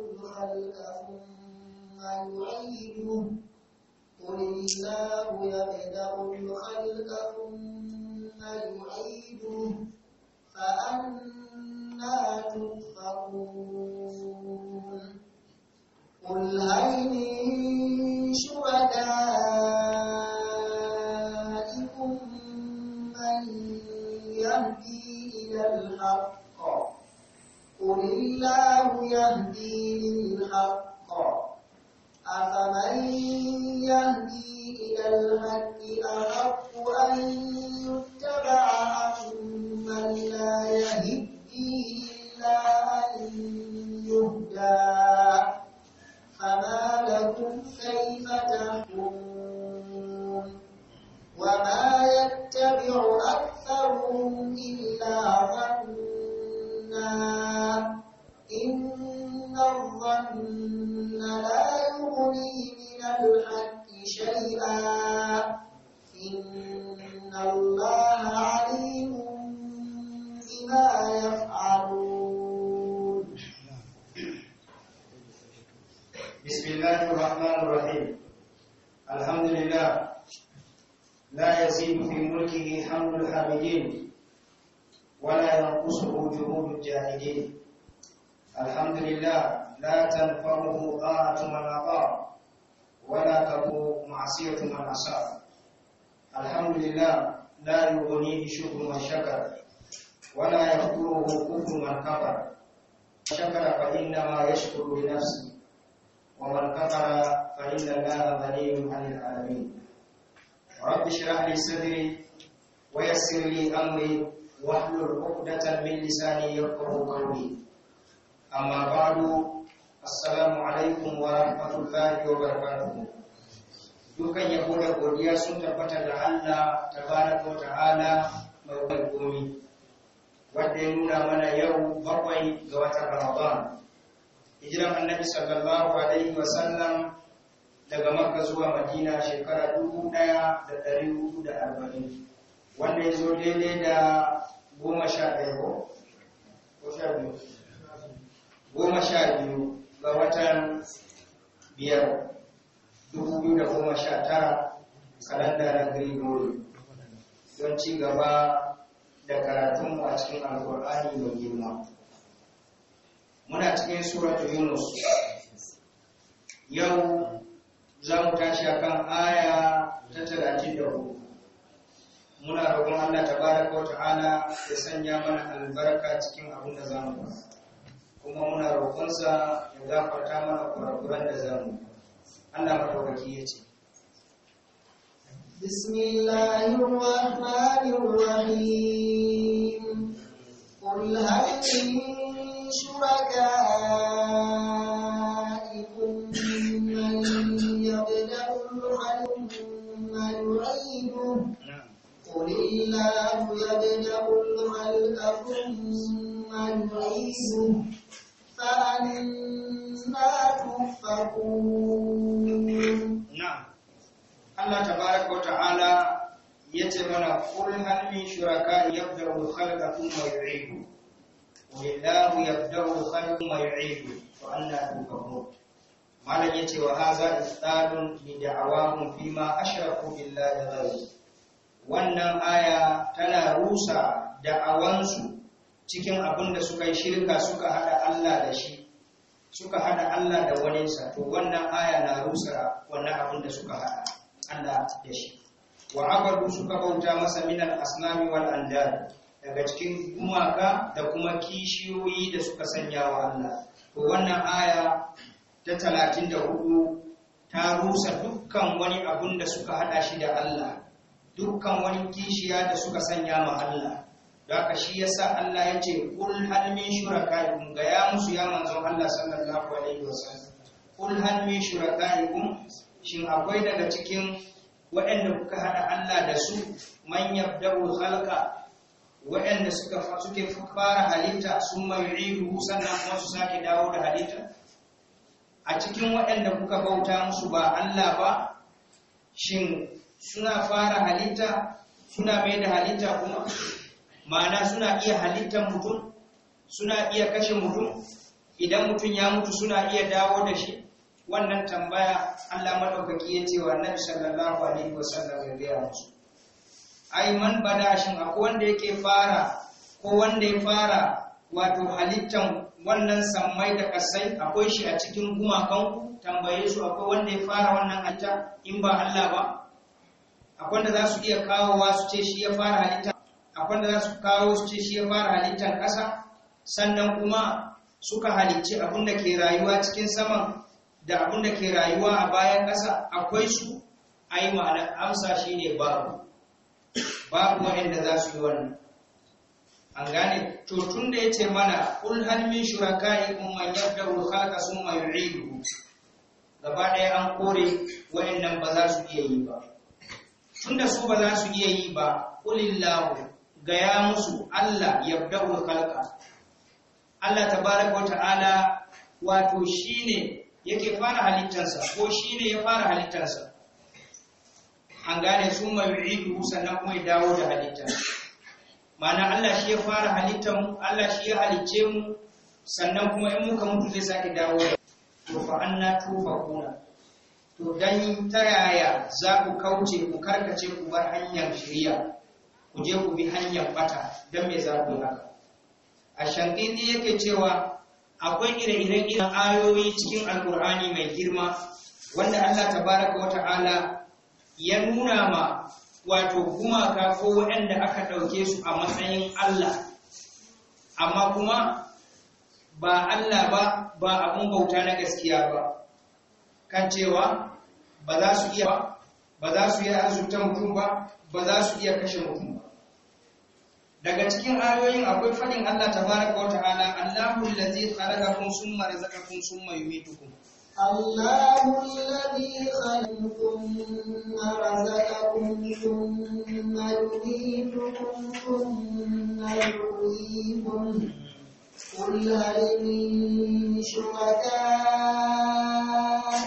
قل الله يبدأ الخلق ثم يعيده فأنا تؤفكون هل من شركائكم قل الله يهدي للحق أفمن يهدي إلى الحق أحق أن يتبع أم لا يهدي إلا أن يهدى فما لكم كيف تحكمون وما يتبع أكثرهم إلا ظنا إن الظن لا يغني من الحق شيئا إن الله عليم بما يفعلون بسم الله الرحمن الرحيم الحمد لله لا يزيد في ملكه حمد الحامدين ولا ينقصه جهود الجاهدين الحمد لله لا تنفعه طاعة من أطاع ولا تكون معصية من أساء الحمد لله لا يغنيه شكر من شكر ولا يذكره كفر من كفر شكر فإنما يشكر لنفسه ومن كفر فإن الله غني عن العالمين رب اشرح لي صدري ويسر لي أمري واحلل عقدة من لساني يفقه قولي أما بعد السلام عليكم ورحمة الله وبركاته dukan ya da godiya sun tabbata da Allah tabaraka wa ta'ala mai komi wanda ya nuna mana yau bakwai ga watan Ramadan hijiran annabi sallallahu alaihi wa sallam daga Makka zuwa Madina shekara dubu ɗaya da arba'in. wanda ya zo daidai da goma sha biyu goma sha biyu ga watan biyar dubu biyu da goma sha tara kalanda na don ci gaba da karatunmu a cikin alkur'ani mai girma muna cikin suratu yunus yau za mu tashi akan aya ta talatin da hudu muna roƙon Allah ko wa ta'ala ya sanya mana albarka cikin abin da zamu kuma muna roƙonsa ya gafarta mana kurakuran da zamu Allah madaukaki ya ce Bismillahir Rahmanir Rahim Qul hal يبدأ الخلق ثم يعيده فأنا تؤفكون نعم الله تبارك وتعالى يتمنى قل هل من شركاء يبدأ الخلق ثم يعيده ولله يبدأ الخلق ثم يعيده فأنا تؤفكون malam yace wa haza istadun bi da'awahum fima ashraku billahi ghayr wannan aya tana rusa da'awansu cikin abin da suka yi shirka suka hada Allah da shi suka hada Allah da sa to wannan aya na rusa wannan abin da suka hada Allah da shi wa abadu suka bauta masa al asnami wal andad daga cikin gumaka da kuma kishiyoyi da suka sanya wa Allah to wannan aya ta 34 ta rusa dukkan wani abun da suka hada shi da Allah dukkan wani kishiya da suka sanya ma Allah da aka shi ya sa Allah ya ce kul hal min shurakaikum ga ya musu ya manzo Allah sallallahu alaihi wasallam kul hal min shurakaikum shin akwai daga cikin waɗanda kuka haɗa Allah da su man yabda'u khalqa waɗanda suka suke fara halitta sun mai riru sannan kuma sake dawo da halitta a cikin waɗanda kuka bauta musu ba Allah ba shin suna fara halitta suna mai da halitta kuma ma'ana suna iya halittar mutum suna iya kashe mutum idan mutum ya mutu suna iya dawo da shi wannan tambaya Allah madaukaki ya ce wa Annabi sallallahu alaihi wasallam ya gaya musu ai man bada shin akwai wanda yake fara ko wanda ya fara wato halittan wannan sammai da kasai akwai shi a cikin gumakan ku tambaye su akwai wanda ya fara wannan halitta in ba Allah ba akwai za su iya kawo su ce shi ya fara halittar akwai za su kawo su ce shi ya fara halittar ƙasa sannan kuma suka halicci abin da ke rayuwa cikin saman da abin da ke rayuwa a bayan ƙasa akwai su a yi ma'ana amsa shi ne babu babu waɗanda za su yi wannan an gane to tun da ya ce mana kul hal min shuraka'i kun man yabda summa yu'iduhu gaba ɗaya an kore waɗannan ba za su iya yi ba tunda su ba za su iya yi ba qulillahu gaya musu Allah ya yabda'ul kalka Allah tabaraka wa ta'ala wato shine yake fara halittarsa ko shine ya fara halittarsa an gane su mai idu sannan kuma ya dawo da halitta ma'ana Allah shi ya fara halittar mu Allah shi ya halicce mu sannan kuma in muka mutu zai sake dawo da to fa anna kuna to dan ta yaya za ku kauce ku karkace ku bar hanyar shari'a ku je ku bi hanyar bata dan me za ku haka a shankidi yake cewa akwai ire-iren irin ayoyi cikin alkur'ani mai girma wanda Allah tabaraka wa ta'ala ya nuna ma wato gumaka ko waɗanda aka ɗauke su a matsayin Allah amma kuma ba Allah ba ba abun bauta na gaskiya ba kan cewa ba za su iya ba za su iya azurta mutum ba ba za su iya kashe mutum ba daga cikin ayoyin akwai fadin Allah tabaraka wa ta'ala Allahu allazi khalaqakum summa razaqakum summa yumitukum Allahu allazi khalaqakum summa razaqakum summa yumitukum summa yuhyikum قل هل من شركائكم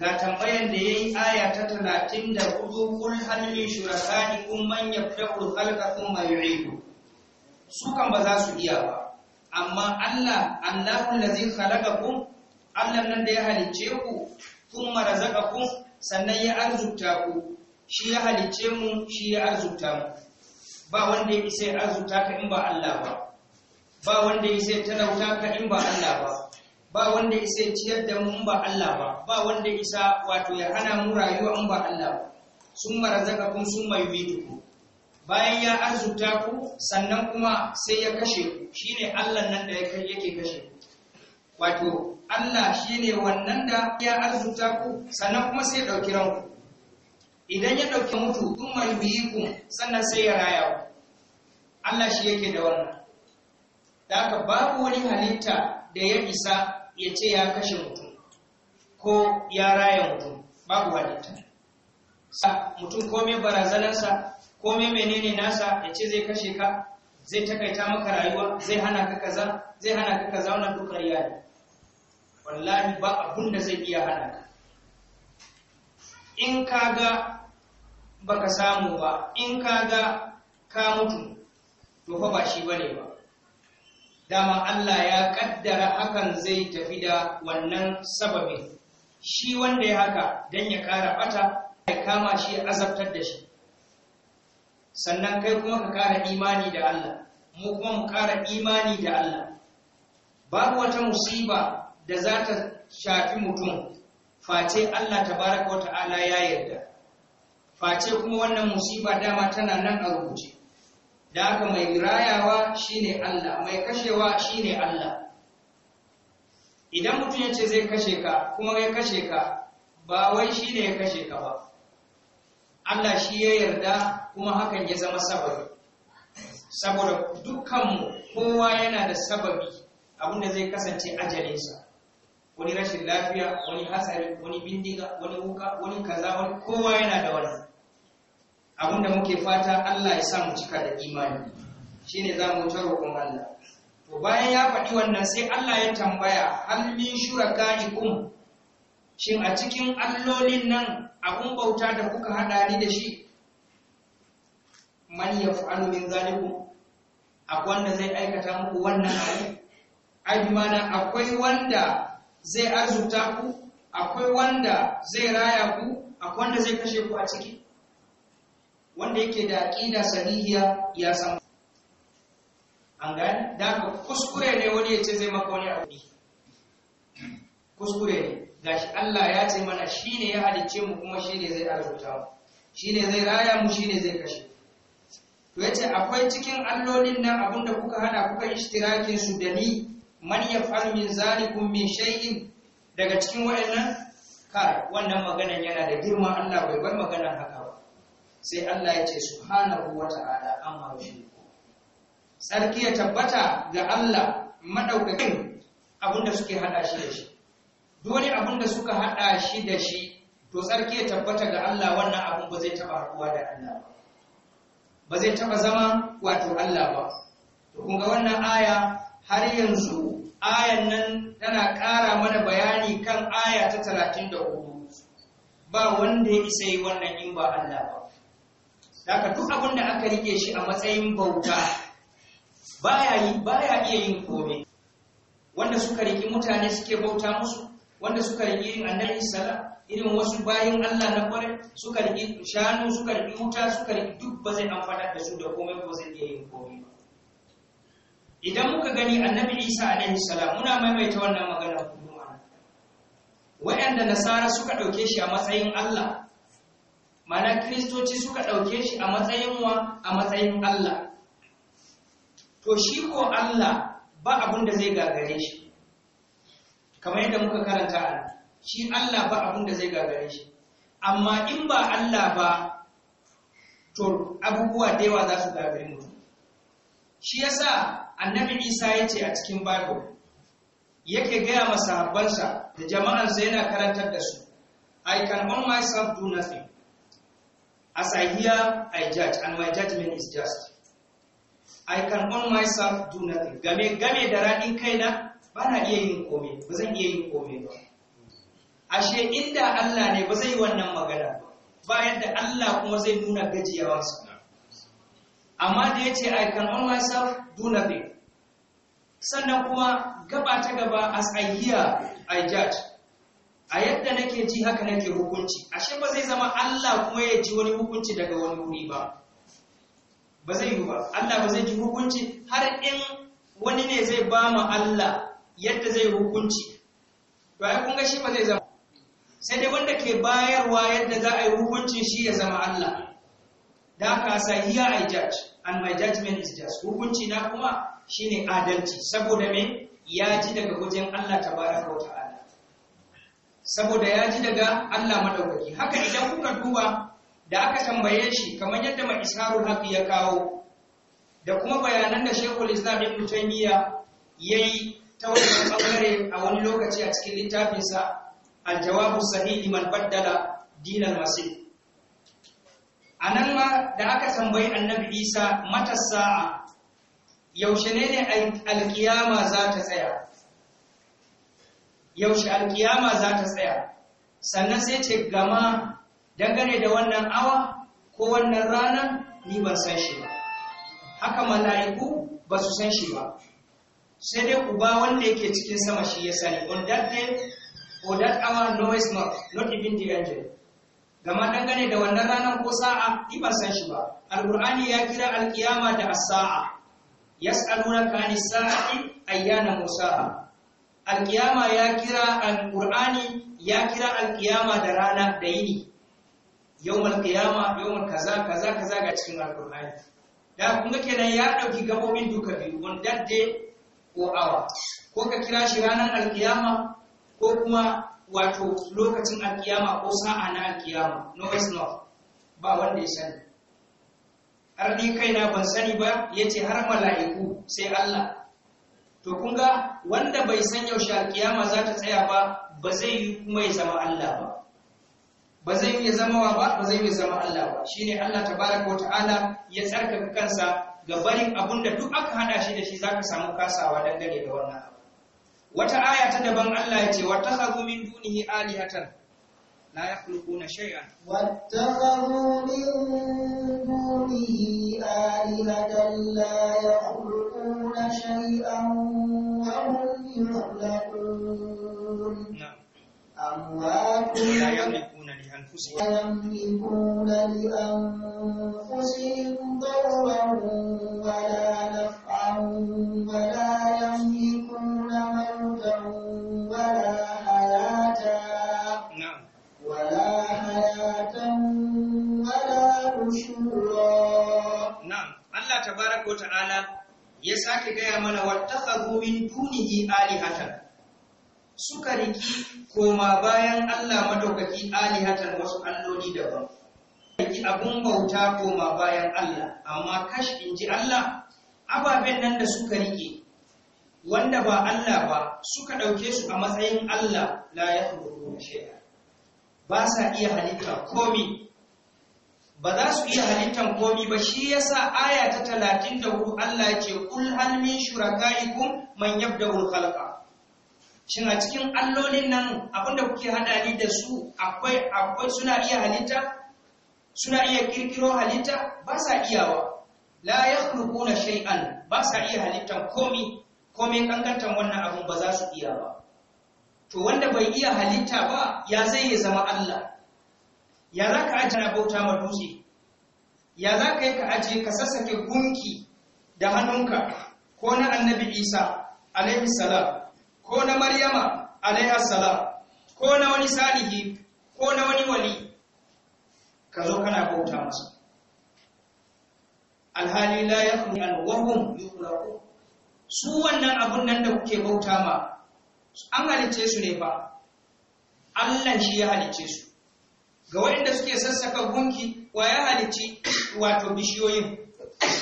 ga tambayan da ya yi aya ta talatin da halin qul hal min manyan man halka khalqa mai rido su kan ba za su iya ba amma Allah zai halaga kun Allah nan da ya halicce ku marazaka kun sannan ya arzuta ku shi ya halice mu shi ya arzuta mu ba wanda ya isa ya arzuta ka in ba Allah ba ba wanda ya isa ya talauta ka in ba Allah ba ba wanda isa ciyar da mu ba Allah ba ba wanda isa wato ya hana mu rayuwa in ba Allah ba kun sun mai yumitukum bayan ya arzuta ku sannan kuma sai ya kashe ku shine Allah nan da yake kashe wato Allah shine wannan da ya arzuta ku sannan kuma sai ya dauki ranku idan ya dauki mutu kuma yuyikum sannan sai ya raya ku Allah shi yake da wannan da babu wani halitta da ya isa ya ce ya kashe mutum ko ya raya mutum babu halitta sa mutum kome barazanarsa kome menene nasa ya ce zai kashe ka zai takaita maka rayuwa zai hana ka kaza zai hana ka kaza wannan duk rayuwa ne wallahi ba abun da zai iya hana ka in ka ga ba ka samu ba in ka ga ka mutu to fa ba shi bane ba dama Allah ya kaddara hakan zai tafi da wannan sababin shi wanda ya haka don ya kara bata ya kama shi ya azabtar da shi sannan kai kuma ka kara imani da Allah mu kuma mu kara imani da Allah babu wata musiba da za ta shafi mutum face Allah tabaraka wa ta'ala ya yarda face kuma wannan musiba dama tana nan a rubuce da aka mai rayawa shine Allah mai kashewa shine Allah idan mutum ya ce zai kashe ka kuma ya kashe ka ba wai shine ya kashe ka ba Allah shi ya yarda kuma hakan ya zama sababi saboda dukkanmu kowa yana da sababi abinda zai kasance ajalinsa wani rashin lafiya wani hatsari wani bindiga wani wuka wani kaza wani kowa yana da wannan abinda muke fata Allah ya sa mu cika da imani shine za mu ta roƙon Allah to bayan ya faɗi wannan sai Allah ya tambaya hal min shurakaikum shin a cikin allolin nan abun bauta da kuka hada ni da shi man yaf'alu min zalikum akwai wanda zai aikata muku wannan ayi ai mana akwai wanda zai azuta ku akwai wanda zai raya ku akwai wanda zai kashe ku a ciki wanda yake da aqida sahihiya ya san an ga da kuskure ne wani ya ce zai maka wani abu kuskure ne gashi Allah ya ce mana shine ya halicce mu kuma shine zai arzuta mu shine zai raya mu shine zai kashe to yace akwai cikin allolin nan abinda kuka hada kuka ishtirakin su da ni man yaf'al min zalikum min shay'in daga cikin wayannan kai wannan maganan yana da girma Allah bai bar maganan haka sai Allah ya ce subhanahu wa ta'ala amma yushriku sarki ya tabbata ga Allah madaukakin abinda suke hada shi da shi dole abinda suka hada shi da shi to sarki ya tabbata ga Allah wannan abin ba zai taba haɗuwa da Allah ba ba zai taba zama wato Allah ba to kun ga wannan aya har yanzu ayan nan tana ƙara mana bayani kan aya ta 34 ba wanda ya isa yi wannan in ba Allah ba Saka duk abin da aka rike shi a matsayin bauta baya iya yin kome. Wanda suka riki mutane suke bauta musu, wanda suka riki annabi sallallahu irin wasu bayan Allah na kwarai suka riƙi shanu suka riƙi wuta suka riƙi duk ba zai amfana da su da komai ba zai iya yin komai ba idan muka gani annabi isa a nan salam muna maimaita wannan magana kuma. ana waɗanda nasara suka ɗauke shi a matsayin Allah mana kristoci suka ɗauke shi a matsayin wa a matsayin Allah to shi ko Allah ba abin da zai gagare shi kamar yadda muka karanta a shi Allah ba abin da zai gagare shi amma in ba Allah ba to abubuwa da yawa za su gagare mu. shi yasa annabi Isa ya ce a cikin Bible yake gaya masahabbansa da jama'ar jama'ansa yana karantar da su I can on myself do nothing As I hear, I judge, and my judgment is just. I can on myself do nothing. Game game da raɗin kaina ba na iya yin komai, ba zan iya yin komai ba. Ashe inda Allah ne ba zai wannan magana ba, yadda Allah kuma zai nuna gajiyawarsa. Amma da ya ce I can on myself do nothing. Sannan kuma gaba ta gaba as I hear, I judge. a yadda nake ji haka nake hukunci ashe ba zai zama Allah kuma ya ji wani hukunci daga wani wuri ba ba zai yi ba Allah ba zai ji hukunci har in wani ne zai ba mu Allah yadda zai hukunci to ai kun ga shi ba zai zama sai dai wanda ke bayarwa yadda za a yi hukunci shi ya zama Allah da haka sa here I judge and my judgment is just hukunci na kuma shine adalci saboda me ya ji daga wajen Allah tabaraka wa ta'ala saboda ya ji daga Allah madaukaki haka idan kuka duba da aka tambaye shi kamar yadda mai isharul haqi ya kawo da kuma bayanan da Sheikhul Islam Ibn Taymiyyah yayi ta wannan bangare a wani lokaci a cikin littafinsa al-jawabu sahihi man baddala dinal masih anan ma da aka tambayi annabi Isa matasa'a, yaushe ne ne alkiyama za ta tsaya yaushe alkiyama za ta tsaya sannan sai ce gama dangane da wannan awa ko wannan rana ni ban san shi ba haka mala'iku ba su san shi ba sai dai uba wanda yake cikin sama shi ya sani on that day or that hour no is not not even the angel gama dangane da wannan ranar ko sa'a ni ban san shi ba alqur'ani ya kira alkiyama da as-sa'a yas'alunaka anis-sa'ati ayyana musa'a alkiyama ya kira Alƙur'ani ya kira alkiyama da rana da yini yawmal alkiyama yawmal kaza kaza kaza ga cikin Alƙur'ani. da kuma kenan ya ɗauki gabobin duka biyu on that ko awa, ko ka kira shi ranar alkiyama ko kuma wato lokacin alkiyama ko sa'a na alkiyama no is not ba wanda ya sani har ni kaina ban sani ba yace har mala'iku sai Allah to kun wanda bai san yaushe alkiyama za ta tsaya ba ba zai yi kuma ya zama Allah ba ba zai iya zama wa ba ba zai iya zama Allah ba shine Allah tabaraka ta'ala ya tsarkaka kansa ga barin abinda duk aka hada shi da shi zaka samu kasawa dangane da wannan abu wata aya ta daban Allah ya ce wa takhadhu min dunihi alihatan لا يخلقون شيئا واتخذوا من دونه آلهة لا يخلقون شيئا وهم يخلقون نعم أموات لا يملكون لأنفسهم لا يملكون لأنفسهم ضرا sake gaya mana wattakhadhu min dunihi alihatan suka riki koma bayan Allah madaukaki alihatan wasu alloli daban riki abun bauta koma bayan Allah amma kash ji Allah ababen nan da suka rike wanda ba Allah ba suka dauke su a matsayin Allah la yakhluqu shay'a ba sa iya halitta komi ba za su iya halittan komi ba shi yasa aya ta talatin da hudu Allah ya ce kul hal min shurakaikum man yabda'ul khalqa shin a cikin allolin nan abinda kuke hada ni da su akwai akwai suna iya halitta suna iya kirkiro halitta ba sa iyawa la yakhluquna shay'an ba sa iya halittan komi komai kankantan wannan abun ba za su iya ba to wanda bai iya halitta ba ya zai ya zama Allah ya za ka ajiye bauta ma dutse ya za ka yi ka ajiye ka sassake gunki da hannunka ko na annabi isa alaihi salam ko na maryama alaihi salam ko na wani salihi ko na wani wali ka zo kana bauta masa alhali la yakhlu an wahum yukhraqu su wannan abun nan da kuke bauta ma an halice su ne ba Allah shi ya halice su ga waɗanda suke sassaka gunki wa ya halicci wato bishiyoyin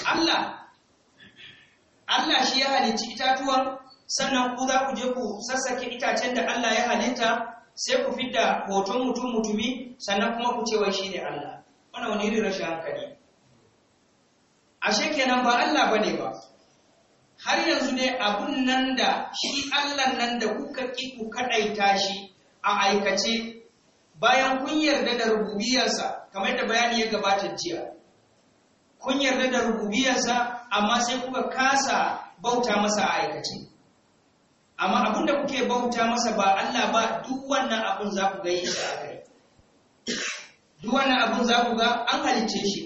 Allah Allah shi ya halicci itatuwan sannan ku za ku je ku sassake itacen da Allah ya halitta sai ku fidda hoton mutum mutumi sannan kuma ku cewa shi ne Allah wannan wani irin rashin hankali ashe kenan ba Allah ba ne ba har yanzu ne abun nan da shi Allah nan da kuka ki ku kaɗaita shi a aikace bayan kun yarda da rububiyarsa kamar da bayani ya gabata jiya kun yarda da rububiyarsa amma sai kuka kasa bauta masa a aikace amma abin da kuke bauta masa ba Allah ba duk wannan abun za ku ga yi shi kai. duk wannan abun za ku ga an halicce shi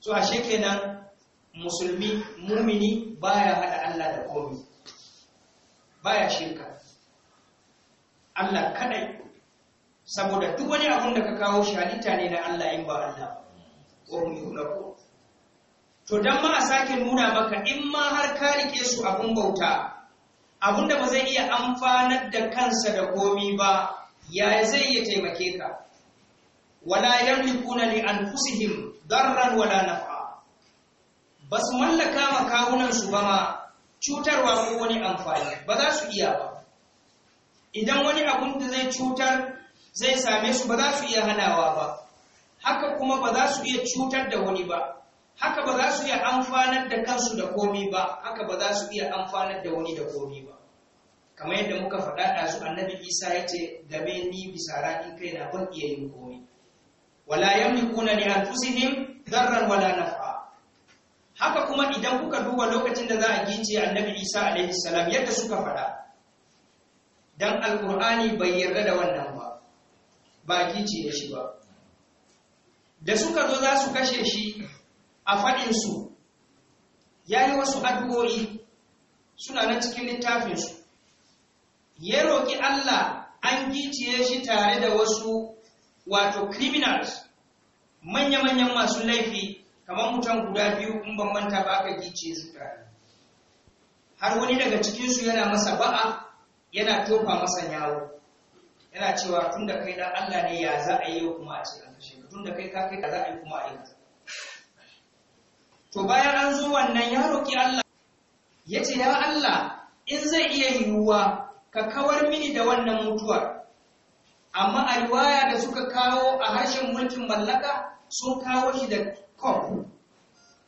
so ashe kenan musulmi mumini baya hada Allah da komai baya shirka Allah kadai saboda duk wani abun da ka kawo shalita ne na Allah in ba Allah ko mu ko to dan ma a sake nuna maka in ma har ka rike su abun bauta abun da ba zai iya amfanar da kansa da komi ba ya zai iya taimake ka wala yamlikuna li anfusihim darran wala naf'a basu mallaka ma kawunan su ba ma cutarwa ko wani amfani ba za su iya ba idan wani abun da zai cutar zai same su ba za su iya hanawa ba haka kuma ba za su iya cutar da wani ba haka ba za su iya amfanar da kansu da komi ba haka ba za su iya amfanar da wani da komi ba kamar yadda muka faɗa ɗazu annabi isa ya ce game ni bisa rain kai na ban iya yin komi wala yamlikuna li anfusihim darran wala naf'a haka kuma idan kuka duba lokacin da za a gice annabi isa alaihi salam yadda suka faɗa dan alkur'ani bai yarda da wannan ba baki ce ya shi ba da suka zo za su kashe shi a faɗinsu ya yi wasu addu'o'i suna na cikin littafinsu ya roƙi Allah an giciye shi tare da wasu wato criminals manya-manyan masu laifi kamar mutum guda biyu in ban manta ba aka gice su tare har wani daga cikinsu yana masa ba'a yana tofa masa yawo yana cewa tun da kai dan Allah ne ya za a yi kuma a ce an kashe ka tun da kai ka kai ka za a yi kuma a yi to bayan an zo wannan ya roki Allah ya ce ya Allah in zai iya yiwuwa ka kawar mini da wannan mutuwa amma a riwaya da suka kawo a harshen mulkin mallaka sun kawo shi da kof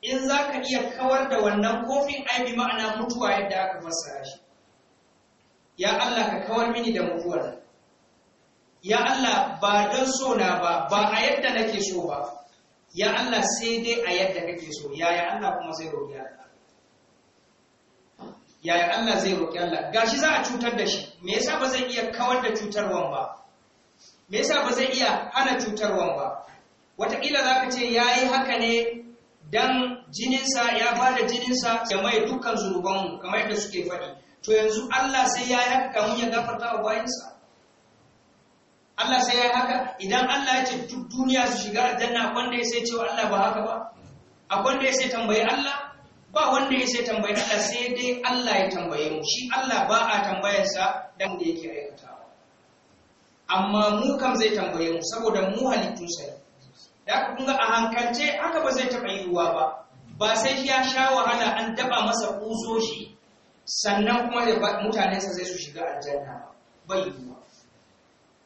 in za ka iya kawar da wannan kofin ai ma'ana mutuwa yadda aka fassara shi ya Allah ka kawar mini da mutuwar ya Allah ba don so na ba ba a yadda nake so ba ya Allah sai dai a yadda kake so yaya Allah kuma zai roƙi Allah yaya Allah zai roƙi Allah gashi za a cutar da shi me yasa ba zai iya kawar da cutarwan ba me yasa ba zai iya hana cutarwan ba wataƙila za ka ce ya yi haka ne dan jininsa ya ba da jininsa ya mai dukkan zunubanmu kamar yadda suke faɗi to yanzu Allah sai ya yi haka kamun ya gafarta wa bayansa Allah sai ya haka idan Allah ya ce duk duniya su shiga aljanna akwai wanda ya sai cewa Allah ba haka ba akwai wanda ya sai tambayi Allah ba wanda ya sai tambayi Allah sai dai Allah ya tambaye mu shi Allah ba a tambayarsa dan da yake aikatawa amma mu kam zai tambaye mu saboda mu halittu sai da aka kunga a hankalce haka ba zai taɓa yiwuwa ba ba sai ya sha wahala an daba masa kusoshi sannan kuma da mutanensa zai su shiga aljanna bai yiwuwa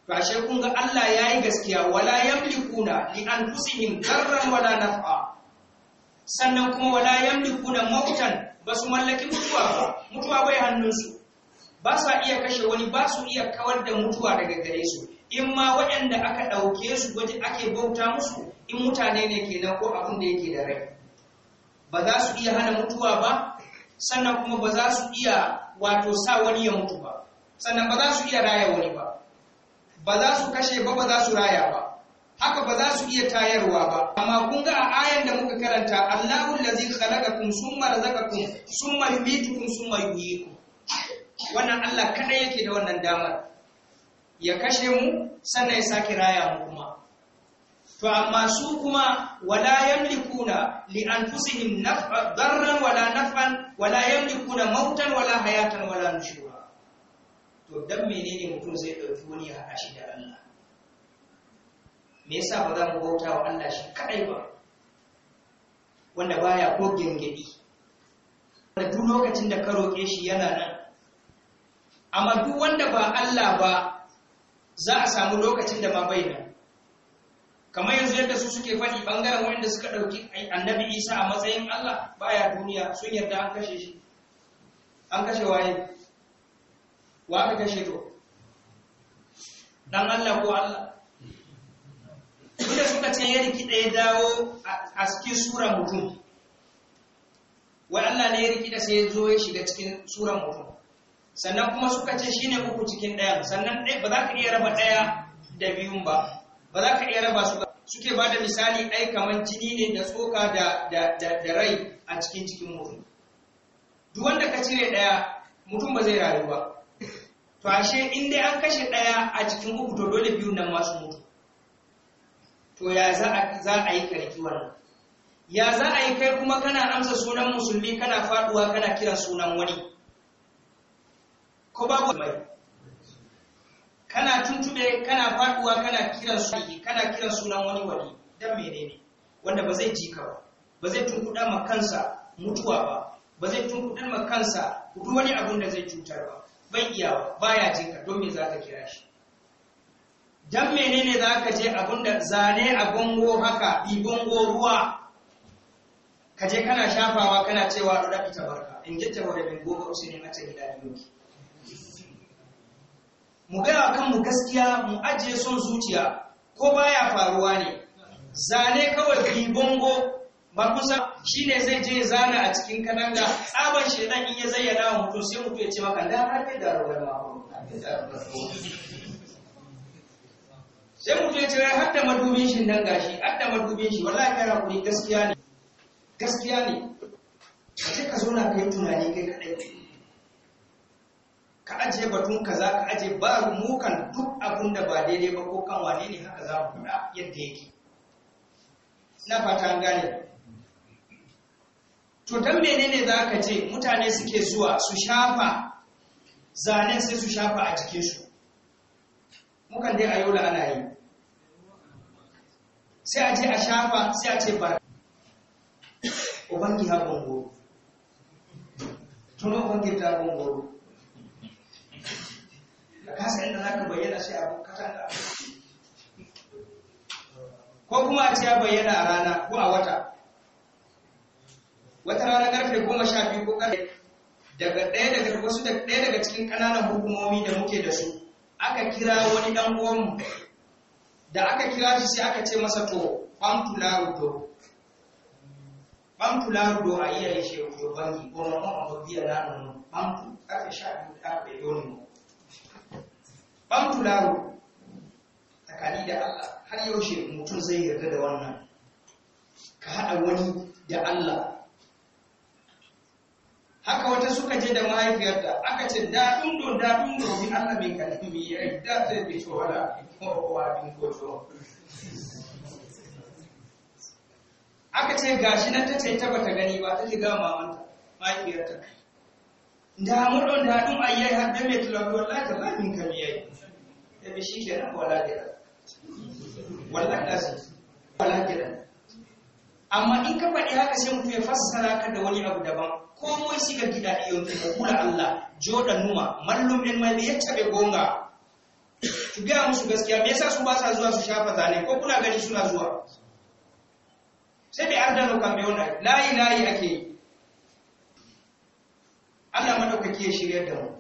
gashe kun ga Allah ya yi gaskiya wala yamlikuna li anfusihim darran wala naf'a sannan kuma wala yamlikuna mautan ba su mallaki mutuwa ba mutuwa bai hannunsu ba sa iya kashe wani ba su iya kawar da mutuwa daga gare su in ma waɗanda aka ɗauke su waje ake bauta musu in mutane ne kenan ko abin da yake da rai ba za su iya hana mutuwa ba sannan kuma ba za su iya wato sa wani ya mutu ba sannan ba za su iya raya wani ba ba za su kashe ba ba za su raya ba haka ba za su iya tayarwa ba amma kun ga a ayan da muka karanta Allahu allazi khalaqakum summa razaqakum summa yumitukum summa yuhyikum wannan Allah kaɗai yake da wannan damar ya kashe mu sannan ya sake raya mu kuma fa masu kuma wala yamlikuna li anfusihim nafa, darran wala naf'an wala yamlikuna mautan wala hayatan wala nushura to dan menene mutum zai dauki wani ya hashi shi da Allah me yasa ba za mu bauta wa Allah shi kadai ba wanda baya ko gengedi a duk lokacin da ka roƙe shi yana nan amma duk wanda ba Allah ba za a samu lokacin da ma bai nan kamar yanzu yadda su suke faɗi ɓangaren wanda suka ɗauki annabi isa a matsayin allah baya duniya sun yarda an kashe shi an kashe waye wa aka kashe to dan allah ko allah inda suka ce ya rikida ya dawo a cikin sura mutum wai allah ne ya da sai ya zo ya shiga cikin sura mutum sannan kuma suka ce shine uku cikin ɗaya sannan ba za ka iya raba ɗaya da biyun ba ba za ka iya raba su ba suke ba da misali ai kamar jini ne da tsoka da, da, da, da rai a cikin cikin mutum duk wanda ka cire ɗaya mutum ba zai rayu ba to ashe in dai an kashe ɗaya a cikin uku to dole biyu nan masu mutu to ya za a yi karki wannan ya za a yi kai kuma kana amsa sunan musulmi kana faduwa kana kiran sunan wani ko babu mai kana tuntube kana faduwa kana kiran sunan kana kiran sunan wani wani dan menene wanda ba zai ji ka ba ba zai tunkuda ma kansa mutuwa ba ba zai tunkuda ma kansa duk wani abun da zai cutar ba bai iya ba baya jika don me zaka kira shi dan menene zaka je abun da zane a gongo haka bi gongo ruwa ka je kana shafawa kana cewa da ita barka in ji tawara bin gogo usini mata gida ne mu gaya kanmu gaskiya mu ajiye son zuciya ko baya faruwa ne zane kawai fi bongo ba kusa shi ne zai je zana a cikin kananga tsaban shi dan in ya zayyana wa mutum sai mutum ya ce maka da har fi da rawar ma sai mutum ya ce har da madubin shi nan gashi har da madubin shi wallahi kai ku gaskiya ne gaskiya ne ka je ka zo na kai tunani kai kadai ka ajiye batun kaza ka ajiye ba mu duk abun da ba daidai ba ko kan wane ne haka za mu faɗa yadda yake na fata gane to dan menene za ka ce mutane suke zuwa su shafa zanen sai su shafa a jikinsu mukan dai a yau ana yi sai a ce a shafa sai a ce ba ubangi ha gongoro tuno ubangi ta gongoro ka kasa inda za ka bayyana sai abin katanga ko kuma a ce ya bayyana a rana ko a wata wata rana karfe goma sha biyu ko karfe daga ɗaya daga wasu ɗaya daga cikin ƙananan hukumomi da muke da su aka kira wani ɗan uwanmu da aka kira shi sai aka ce masa to ɓamtu larudo ɓamtu larudo a iya yashe ko bangi ko ma'amma biya na nono ɓamtu ƙarfe sha biyu da ƙarfe yoni ban tularo tsakani da Allah har yaushe mutum zai yarda da wannan ka haɗa wani da Allah haka wata suka je da mahaifiyarta aka ce daɗin don daɗin don bi Allah mai kalmi ya da zai bi shawara ko wa bin koto aka ce gashi nan tace ta bata gani ba ta shiga mamanta mahaifiyarta da mu don daɗin ayyai har da mai tulabi lati ta min kalmi yayi tafi shi ke nan wala gira wallah kasi wala gira amma in ka faɗi haka sai mutum ya fassara ka da wani abu daban komai shiga gida iyo ko kula Allah joda numa mallum din mai yacce be gonga ki ga musu gaskiya me yasa su ba sa zuwa su shafa zane ko kuna gani suna zuwa sai bai ardano kan bai wannan layi layi ake yi Allah madaukaki ya shiryar da mu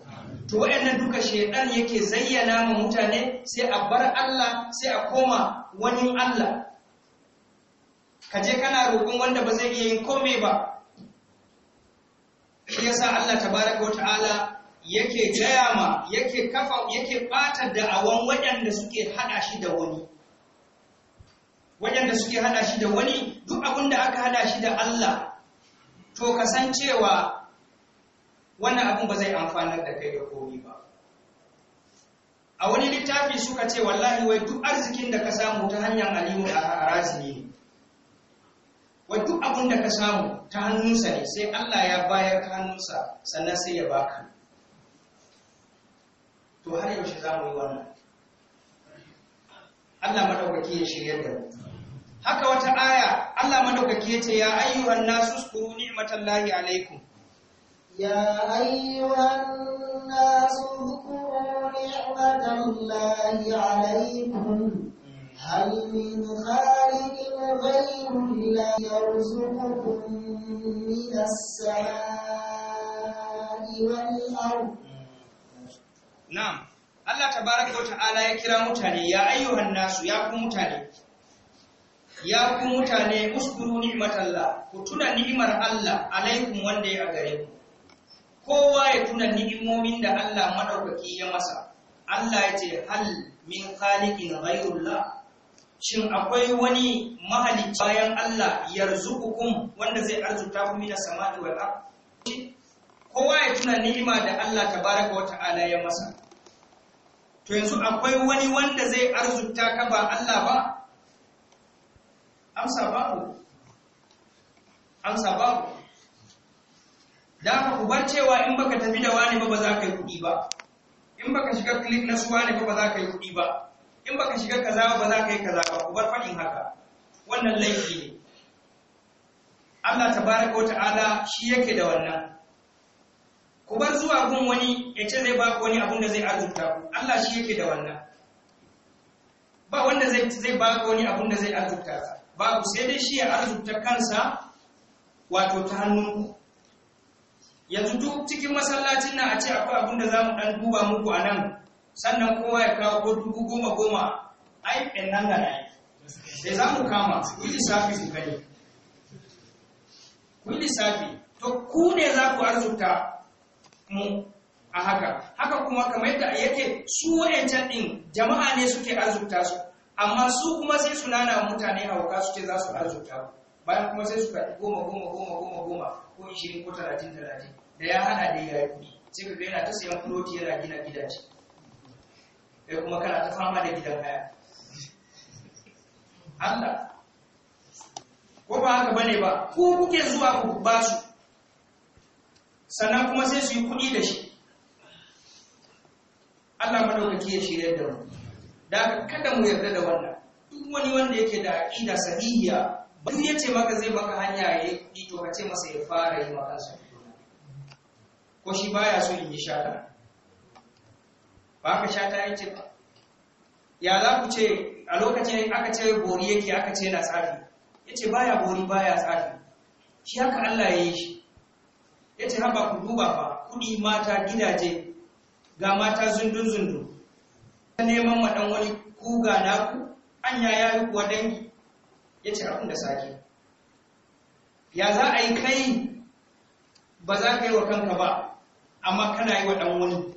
to waɗannan duka shaidan yake zayyana ma mutane sai a bar Allah sai a koma wani Allah ka je kana roƙon wanda ba zai iya yin komai ba shi yasa Allah tabaraka wa ta'ala yake gaya ma yake kafa yake bata da'awan waɗanda suke hada shi da wani waɗanda suke hada shi da wani duk abin da aka hada shi da Allah to kasancewa wannan abun ba zai amfanar da kai da komi ba a wani littafi suka ce wallahi wai duk arzikin da ka samu ta hanyar aliyu a arazi ne wai duk abun da ka samu ta hannunsa ne sai Allah ya bayar ta hannunsa sannan sai ya baka to har yaushe za mu yi wannan Allah madaukaki ya shiryar da mu haka wata aya Allah madaukaki ya ce ya ayyuhan nasu skuru ni'matallahi alaikum يا أيها الناس اذكروا نعمة الله عليكم هل من خالق غير الله يرزقكم من السماء والأرض نعم Allah tabaraka wa ta'ala ya kira mutane ya nasu ya ku mutane ya ku mutane uskuru ni'matallah ku tuna ni'imar Allah alaikum wanda ya gare ku kowa ya tuna ni'imomin da Allah madaukaki ya masa Allah ya ce hal min khaliqin ghayrullah shin akwai wani mahalicci bayan Allah yarzuqukum wanda zai arzuta ku mina samai wal ardh kowa ya tuna ni'ima da Allah tabaraka wa ta'ala ya masa to yanzu akwai wani wanda zai arzuta ka ba Allah ba amsa babu amsa babu da ka kubar cewa in baka tafi da wani ba ba za ka yi kuɗi ba in baka shiga klik na su wani ba ba za ka yi kuɗi ba in baka shiga kaza ba za ka yi kaza ba kubar faɗin haka wannan laifi ne Allah tabaraka ta'ala shi yake da wannan ku bar zuwa gun wani ya ce zai ba wani abun da zai azurta ku Allah shi yake da wannan ba wanda zai zai ba wani abun da zai azurta ku sai dai shi ya azurta kansa wato ta hannunku yanzu duk cikin masallacin nan a ce akwai abin da za mu ɗan duba muku a nan sannan kowa ya kawo ko dubu goma goma ai ɗan nan da nayi sai za mu kama ku lissafi su kai ku lissafi to ku ne za ku arzuta mu a haka haka kuma kamar yadda yake su wa'ancan ɗin jama'a ne suke arzuta su amma su kuma sai su nana mutane a wuka su ce za su arzuta ku bayan kuma sai su karɓi goma goma goma goma goma ko ishirin ko talatin talatin da ya hana da ya sai ka yana ta sayan fuloti yana gina gidaje ya kuma kana ta fama da gidan haya Allah ko ba haka bane ba ko kuke zuwa ku ba su sannan kuma sai su yi kuɗi da shi Allah madaukaki ya shirya da mu da kada mu yarda da wannan duk wani wanda yake da aqida sahihiya duk ya ce maka zai maka hanya ya yi to ka ce masa ya fara yi maka su ko shi baya so in yi shata ba ka shata ya ce ba ya za ku ce a lokacin aka ce bori yake aka ce na tsafi ya ce baya bori baya tsafi shi haka Allah ya yi shi ya ce ba ku duba ba, kuɗi mata gidaje ga mata zundun zundun neman ma ɗan wani kuga naku anya ya yi kuwa dangi ya ce abin da sake ya za a yi kai ba za ka yi wa kanka ba amma kana yi wa ɗan wani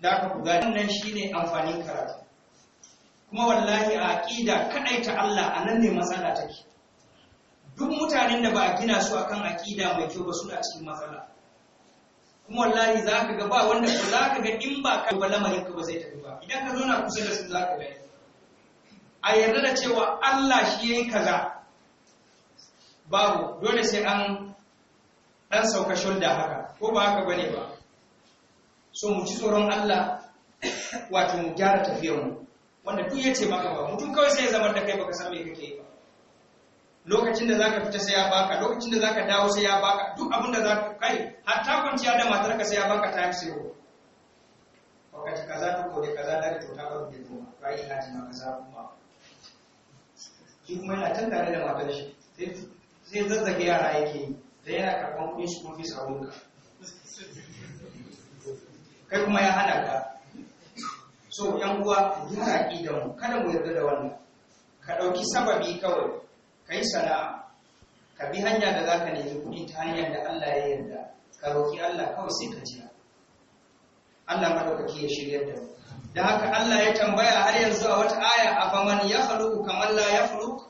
da aka ku gani wannan ne amfanin karatu kuma wallahi a aƙida ta Allah a nan ne matsala take duk mutanen da ba a gina su akan aƙida mai kyau ba suna cikin matsala kuma wallahi za ka ga ba wanda ba za ka ga in ba ka ba lamarin ka ba zai tafi ba idan ka zauna kusa da su za ka gani a yarda da cewa Allah shi ya yi kaza babu dole sai an ɗan sauka shulda haka ko ba haka bane ba so mu ci tsoron Allah wato mu gyara tafiya mu wanda duk ya ce maka ba mutum kawai sai ya zama da kai baka san me kake ba lokacin da zaka fita sai ya baka lokacin da zaka dawo sai ya baka duk abin da zaka kai hatta kwanciya da matarka sai ya baka ta yi wakati kaza ta kore kaza da ta ta ba rubutu ba haji jima kaza kuma shi kuma yana can tare da matar shi sai zazzage yara yake yi da yana karɓar kuɗin shi kuma a sabon kai kuma ya hana ka so yan uwa gyara mu. kada mu yarda da wannan ka ɗauki sababi kawai ka yi sana'a ka bi hanya da za ka nemi kuɗi ta hanyar da Allah ya yarda ka roƙi Allah kawai sai ka jira Allah madaukaki ya shirya da mu da haka Allah ya tambaya har yanzu a wata aya afaman yakhluqu kamar la yakhluq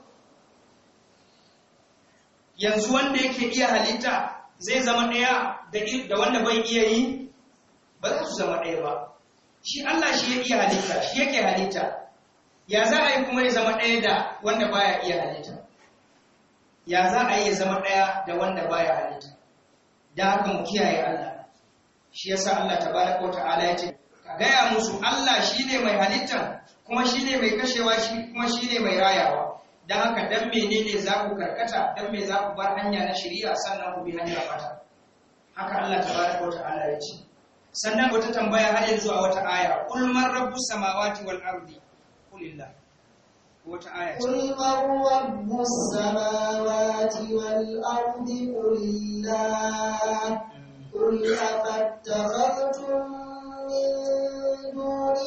yanzu wanda yake iya halitta zai zama ɗaya da wanda bai iya yi ba za su zama ɗaya ba shi Allah shi ya iya halitta shi yake halitta ya za a yi kuma ya zama ɗaya da wanda baya iya halitta ya za a yi ya zama ɗaya da wanda baya halitta da haka mu kiyaye Allah shi yasa Allah tabaraka wa ta'ala ya ce gaya musu Allah shi ne mai halittar kuma shi ne mai kashewa shi ne mai rayawa don haka dan menene za ku karkata dan me za ku bar hanya na shari'a sannan ku bi hanyar fata haka Allah ta wata ta'ala ya ce sannan wata tambaya har yanzu a wata aya qul man rabbus samawati wal ardi qulillah wata aya ce qul man rabbus samawati wal ardi qulillah hmm. qul afattakhtum من دونه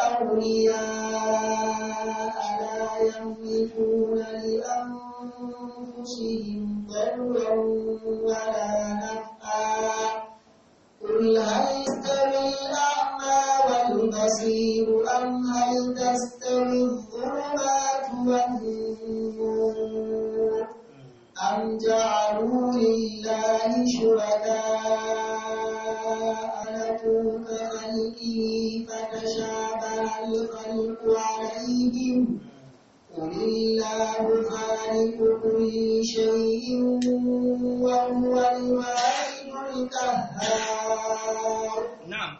أولياء لا يملكون لأنفسهم ضرا ولا نفعا قل هل يستوي الأعمى والبصير أم هل تستوي يوم خلقه فتشابه الخلق عليهم قل الله خالق كل شيء وهو الواحد القهار نعم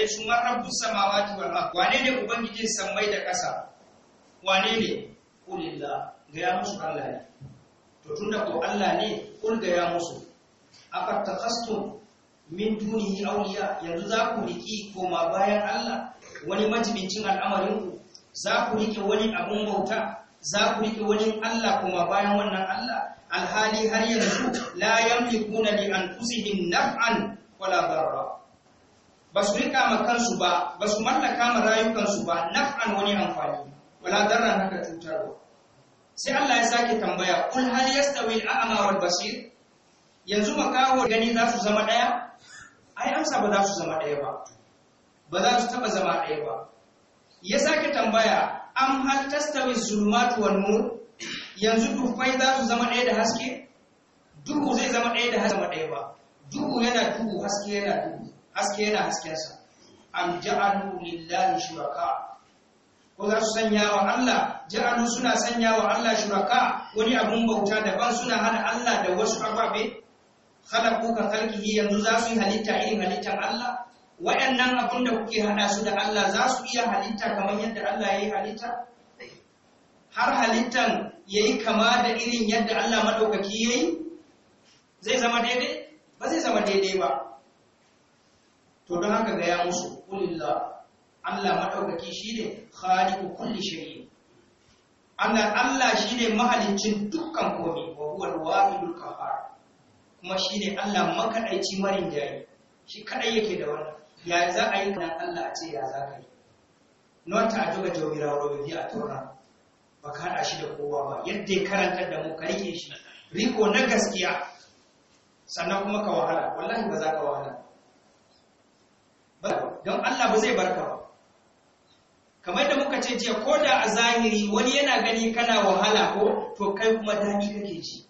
su man rabbu samawati wal ard wane ne ubangijin sammai da ƙasa wane ne kulillah ya musu Allah ne to tunda ko Allah ne kul ya musu afattakhastum min dunihi awliya yanzu za ku riki koma bayan Allah wani majibincin al'amarin ku za ku rike wani abun bauta za ku rike wani Allah koma bayan wannan Allah alhali har yanzu la yamlikuna li anfusihim naf'an wala darra ba su rika ma kansu ba ba su mallaka ma rayukansu ba naf'an wani amfani wala darra haka cutarwa sai Allah ya sake tambaya kul hal yastawi al-a'ma wal basir yanzu makaho gani za su zama daya ai amsa ba za su zama ɗaya ba ba za su taɓa zama ɗaya ba ya sake tambaya an hal tastawi zulmatu wan nur yanzu dufai za su zama ɗaya da haske duhu zai zama ɗaya da haske ɗaya ba duhu yana duhu haske yana duhu haske yana hasken sa am ja'alu lillahi shuraka ko za su sanya wa Allah ja'alu suna sanya wa Allah shuraka wani abun bauta daban suna hada Allah da wasu ababe khalaqu ka khalqihi yanzu za su yi halitta irin halittar Allah waɗannan abun da kuke hada su da Allah za su iya halitta kamar yadda Allah ya yi halitta har halittan ya yi kama da irin yadda Allah maɗaukaki ya yi zai zama daidai ba zai zama daidai ba to don haka gaya musu kulillah Allah maɗaukaki shi ne khaliqu kulli shay'in Allah Allah shi ne mahaliccin dukkan komai wa huwa al kuma shi ne Allah makaɗaici marin jayi shi kaɗai yake da wannan ya za a yi kana Allah a ce ya za ka yi nota a duka jawira robi a turna ba ka haɗa shi da kowa ba yadda ya karanta da mu ka rike shi riko na gaskiya sannan kuma ka wahala wallahi ba za ka wahala don Allah ba zai barka ba kamar da muka ce jiya ko da a zahiri wani yana gani kana wahala ko to kai kuma daɗi kake ji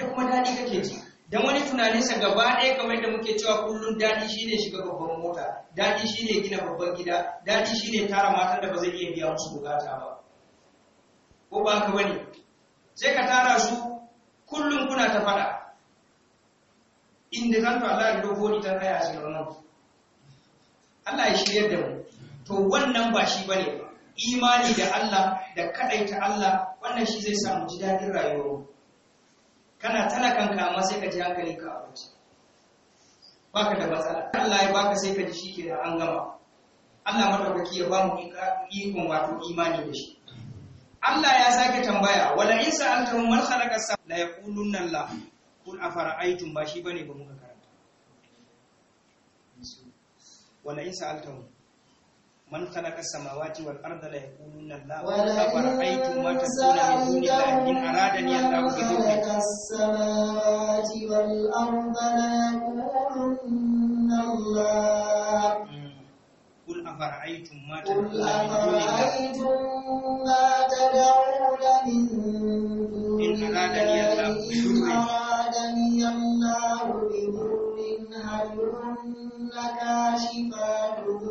kai kuma daɗi kake ji dan wani tunaninsa gaba ɗaya kamar da muke cewa kullum daɗi shine shiga babban mota daɗi shine gina babban gida daɗi shine tara matan da ba zai iya biya musu bukata ba ko ba ka bane sai ka tara su kullum kuna ta faɗa inda zan fara da dogo ni ta kaya a cikin Allah ya shiryar da mu to wannan ba shi bane imani da Allah da kadaita Allah wannan shi zai samu ji daɗin rayuwar mu kana kanka amma sai ka ji hankali ka Ba ka da matsala Allah ya baka sai ka ji ke da an gama Allah madaukaki ya bamu ikon wato imani da shi Allah ya sake tambaya wala in sa'altahum man khalaqa as la yaqulunna Allah kun afara'aytum ba shi bane ba muka karanta wala in sa'altahum من خلق السماوات والأرض لا يقولون الله أفرأيتم ما تدعون من دون الله إن أرادني الله بضر خلق السماوات والأرض لا يقولون الله قل أفرأيتم ما تدعون من دون الله إن أرادني الله بضر هل هن كاشفات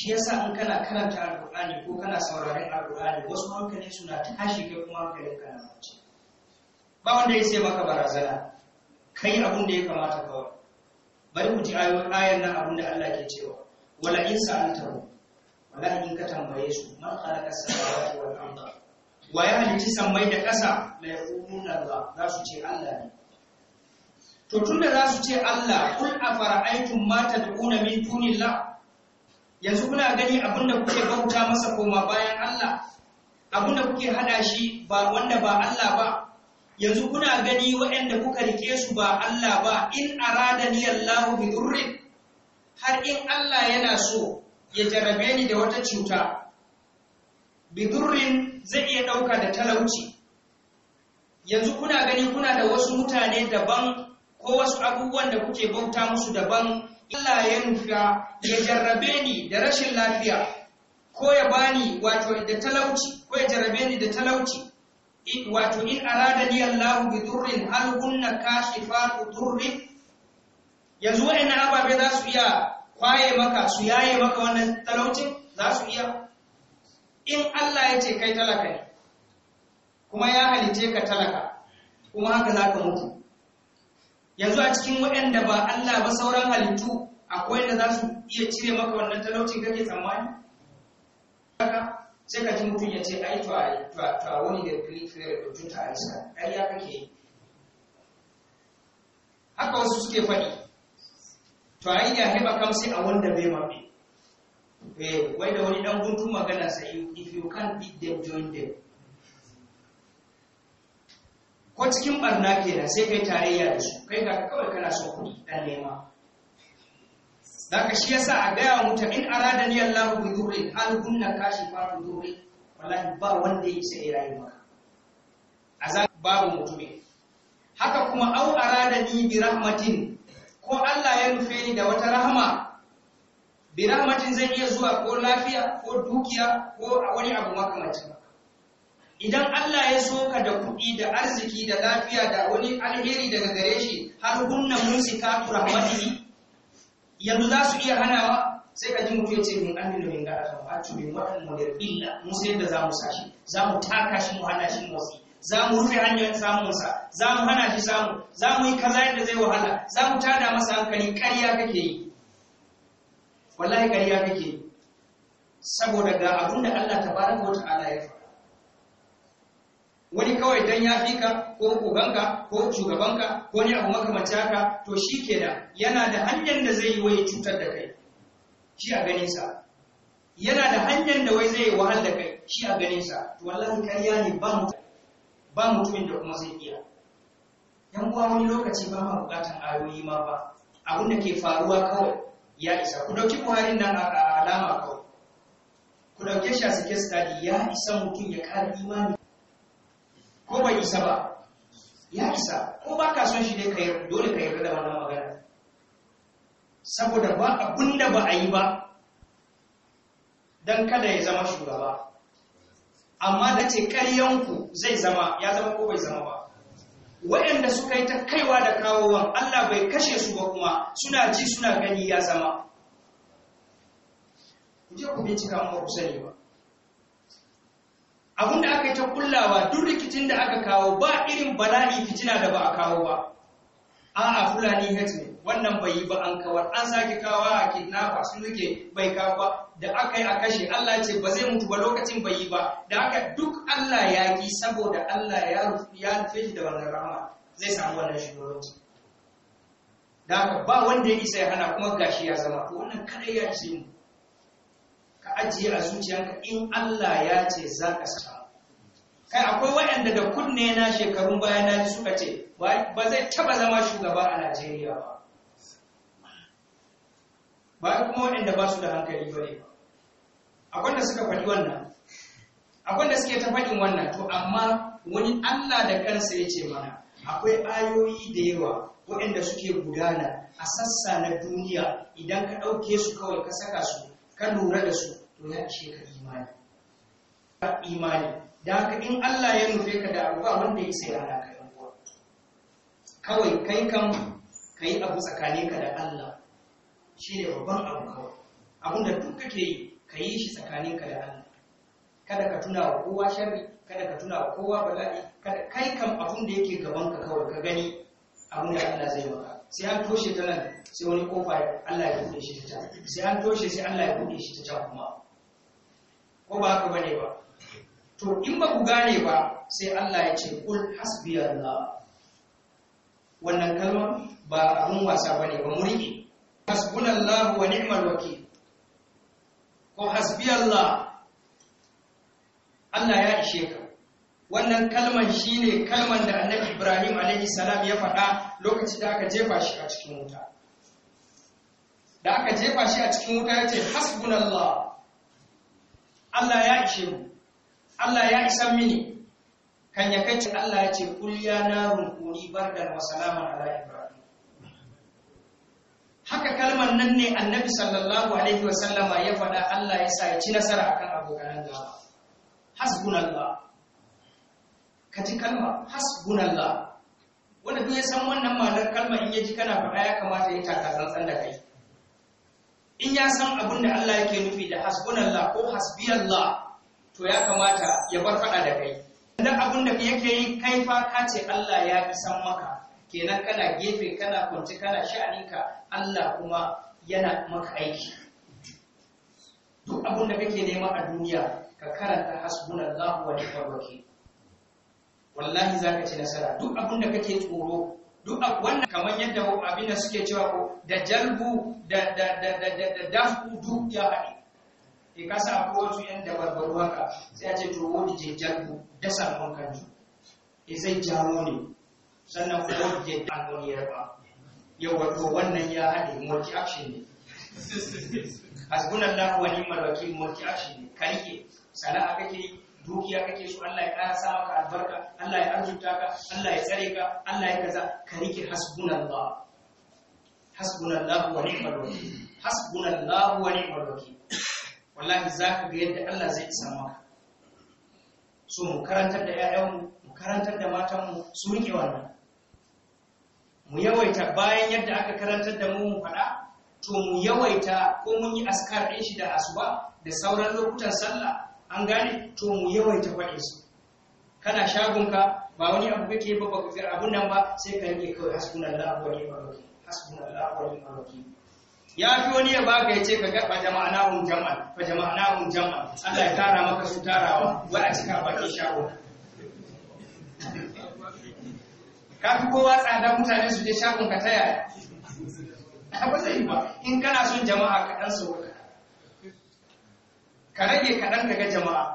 shi yasa in kana karanta alƙur'ani ko kana sauraron alƙur'ani wasu hankali suna tashi kai kuma hankalin na mace ba wanda ya sai maka barazana kai abin da ya kamata kawai bari mu ji ayan nan abin da Allah ke cewa wala in sa'altahu wala in ka tambaye su man khalaqa samawati wal arda wa ya halitti sammai da ƙasa la yaquluna Allah za su ce Allah ne to tunda za su ce Allah kul afara'aytum ma tad'una min dunillah yanzu kuna gani abinda kuke bauta masa koma bayan Allah abinda kuke hada shi ba wanda ba Allah ba yanzu kuna gani waɗanda kuka rike su ba Allah ba in ni Allah bi durri har in Allah yana so ya jarabe ni da wata cuta bi durri zai iya dauka da talauci yanzu kuna gani kuna da wasu mutane daban ko wasu abubuwan da kuke bauta musu daban Allah ya nufa ya jarrabe ni da rashin lafiya ko ya bani wato da talauci ko ya jarrabe ni da talauci wato in arada ni Allah bi durrin hal kunna kashifatu durri yanzu wa'annan ababe za su iya kwaye maka su yaye maka wannan talaucin za su iya in Allah ya ce kai talaka ne kuma ya halice ka talaka kuma haka za ka mutu yanzu a cikin waɗanda ba Allah ba sauran halittu akwai da za su iya cire maka wannan talaucin kake tsammani haka sai ka ji mutum ya ce ai to ai to a wani da kuli da tuta a isa ai ya kake haka wasu suke faɗi to ai ya heba kam sai a wanda bai ma eh wai da wani dan guntun magana sai if you can't beat them join them ko cikin barna kenan sai kai tarayya da su kai ga kawai kana son kuɗi dan nema ka shi yasa a gaya wa mutum in arada ni Allahu bi dhurri hal kunna kashifa dhurri wallahi ba wanda yake sai rayu maka azab babu mutume haka kuma au arada ni bi rahmatin ko Allah ya nufe ni da wata rahama bi rahmatin zan iya zuwa ko lafiya ko dukiya ko wani abu makamancin idan Allah ya so ka da kuɗi da arziki da lafiya da wani alheri daga gare shi har ka tura rahmatihi yanzu za su iya hanawa sai ka ji mu ya ce min aminu min gara kan fatu min wadan mu da illa mu sai da za mu sashi za mu taka shi mu hana shi motsi za mu rufe hanyar samunsa za mu hana shi samu za mu yi kaza yadda zai wahala za mu tada masa hankali ƙarya kake yi wallahi ƙarya kake yi saboda ga abin da Allah tabaraka wa ta'ala ya faɗa wani kawai dan ya fi ka ko ubanka ko shugabanka ko ne abu makamacin ka, to shi kenan yana da hanyar da zai yi wai cutar da kai shi a ganin sa yana da hanyar da wai zai yi wahal da kai shi a ganin sa to wallahi kariya ne ba mutum ba mutumin da kuma zai iya yan uwa wani lokaci ba ma bukatan ayoyi ma ba abin da ke faruwa kawai ya isa ku dauki buhari nan a alama kawai ku dauke shi a suke study ya isa mutum ya kara imani ko bai isa ba ya isa ko ba ka son shi ne ka dole ka yarda da wannan magana saboda ba abin da ba a yi ba don kada ya zama shugaba amma da ce karyanku zai zama ya zama ko bai zama ba waɗanda suka yi ta kaiwa da kawowan Allah bai kashe su ba kuma suna ji suna gani ya zama ku je ku bincika mu ku sani ba abun da aka yi ta kullawa duk rikicin da aka kawo ba irin bala'i fitina da ba a kawo ba a'a fulani hajji wannan bai yi ba an kawar an sake kawo a kidnapper sun rike bai kawo ba da aka yi a kashe Allah ce ba zai mutu ba lokacin bai yi ba da aka duk Allah ya ki saboda Allah ya rufe shi da wannan rama, zai samu wannan shugabanci da haka ba wanda ya isa ya hana kuma gashi ya zama to wannan kadai ya ce mu ka ajiye a zuciyarka in Allah ya ce za ka sa. kai akwai waɗanda da kunne na shekarun baya na suka ce ba zai taba zama shugaba a Najeriya ba ba kuma waɗanda ba su da hankali ba ne akwai da suka faɗi wannan akwai da suke ta faɗin wannan to amma wani Allah da kansa ya ce mana akwai ayoyi da yawa waɗanda suke gudana a sassa na duniya idan ka ɗauke su kawai ka saka su ka lura da su to ya ishe ka imani imani da haka in Allah ya nufe ka da abu ba wanda ya sai rana ka yan uwa kawai kai kan yi abu tsakanin ka da Allah shi ne babban abu kawai abun da duk kake yi ka yi shi tsakanin ka da Allah kada ka tuna wa kowa sharri kada ka tuna wa kowa bala'i kada kai kan abun da yake gaban ka kawai ka gani abun da Allah zai maka sai an toshe ta nan sai wani kofa Allah ya buɗe shi ta sai an toshe sai Allah ya buɗe shi ta kuma ko ba haka bane ba to in ba ku gane ba sai Allah ya ce kul hasbi Allah wannan kalma ba abun wasa bane ba muriki hasbunallahu wa ni'mal wakil ko hasbi Allah Allah ya ishe ka wannan kalman shine kalman da Annabi Ibrahim alaihi salam ya faɗa lokacin da aka jefa shi a cikin wuta da aka jefa shi a cikin wuta ya ce hasbunallah Allah ya ishe mu Allah ya isan mini kan ya kace Allah ya ce kul ya rukuni kuni bardan wa a ala ibrahim haka kalmar nan ne annabi sallallahu alaihi wasallama ya faɗa Allah ya sa ya ci nasara akan abokan gaba hasbunallah ka ji kalma hasbunallah wanda duk ya san wannan ma'anar kalma in ya ji kana faɗa ya kamata ya taka tsantsan da kai in ya san abin da Allah yake nufi da hasbunallah ko hasbiyallah to ya kamata ya bar fada da kai dan abin da yake yi kai fa ka ce Allah ya fi san maka kenan kana gefe kana kwanci kana sha'aninka Allah kuma yana maka aiki duk abin da kake nema a duniya ka karanta hasbunallah wa ni'mal wakil wallahi zaka ci nasara duk abin da kake tsoro duk wannan kamar yadda abin da suke cewa ko da jalbu da da da da da da dafu duk ya haɗe ke kasa ko akwai wasu yan barbaru haka sai a ce to wani je jalbu da sakon kanju e zai jawo ne sannan ko wani je dalon ya ba Yau wato wannan ya haɗe multi action ne hasbunallahu wa ni'mal wakil multi action ne ka sana'a kake dukiya kake so Allah ya ƙara sa maka albarka Allah ya arzuta ka Allah ya tsare ka Allah ya kaza ka rike hasbunallah hasbunallah wa ni'mal wakeel hasbunallah wa ni'mal wakeel wallahi zaka ga yadda Allah zai isa maka so mu karantar da ƴaƴanmu mu karantar da matanmu su rike wannan mu yawaita bayan yadda aka karantar da mu mu faɗa to mu yawaita ko mun yi askar ɗin shi da asuba da sauran lokutan sallah an gane to mu yawaita faɗin su kana shagunka ba wani abu kake ba ba kafir abun nan ba sai ka rike kawai hasbunallahu wa ni'mal wakil hasbunallahu wa ni'mal wakil ya fi wani ya baka ya ce ka ga jama'anahum jama'a fa jama'anahum jama'a Allah ya tara maka su tarawa wa a cika baki shago ka fi kowa tsada mutane su je shagon ka yaya ba zai ba in kana son jama'a ka dan sauka ka rage kaɗan daga jama'a